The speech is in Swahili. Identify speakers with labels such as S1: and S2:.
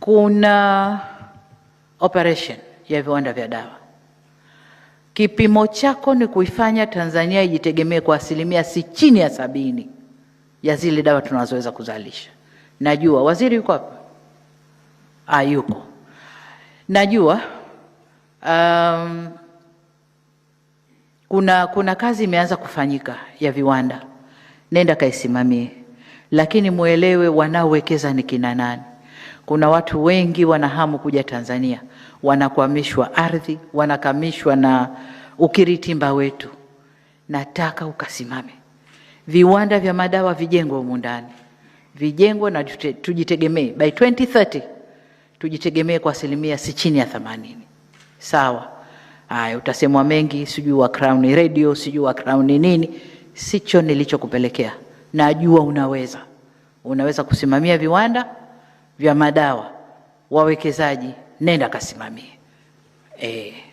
S1: kuna operation ya viwanda vya dawa. Kipimo chako ni kuifanya Tanzania ijitegemee kwa asilimia si chini ya sabini ya zile dawa tunazoweza kuzalisha. Najua waziri yuko hapa ayuko, ah, najua um, kuna, kuna kazi imeanza kufanyika ya viwanda, nenda kaisimamie, lakini muelewe wanaowekeza ni kina nani kuna watu wengi wanahamu kuja Tanzania, wanakwamishwa ardhi, wanakamishwa na ukiritimba wetu. Nataka ukasimame, viwanda vya madawa vijengwe humu ndani, vijengwe na tujitegemee. By 2030 tujitegemee kwa asilimia si chini ya themanini. Sawa. Haya, utasemwa mengi, sijui wa Crown Radio, sijui wa Crown nini. Sicho nilichokupelekea, najua unaweza, unaweza kusimamia viwanda vya madawa, wawekezaji, nenda kasimamie eh.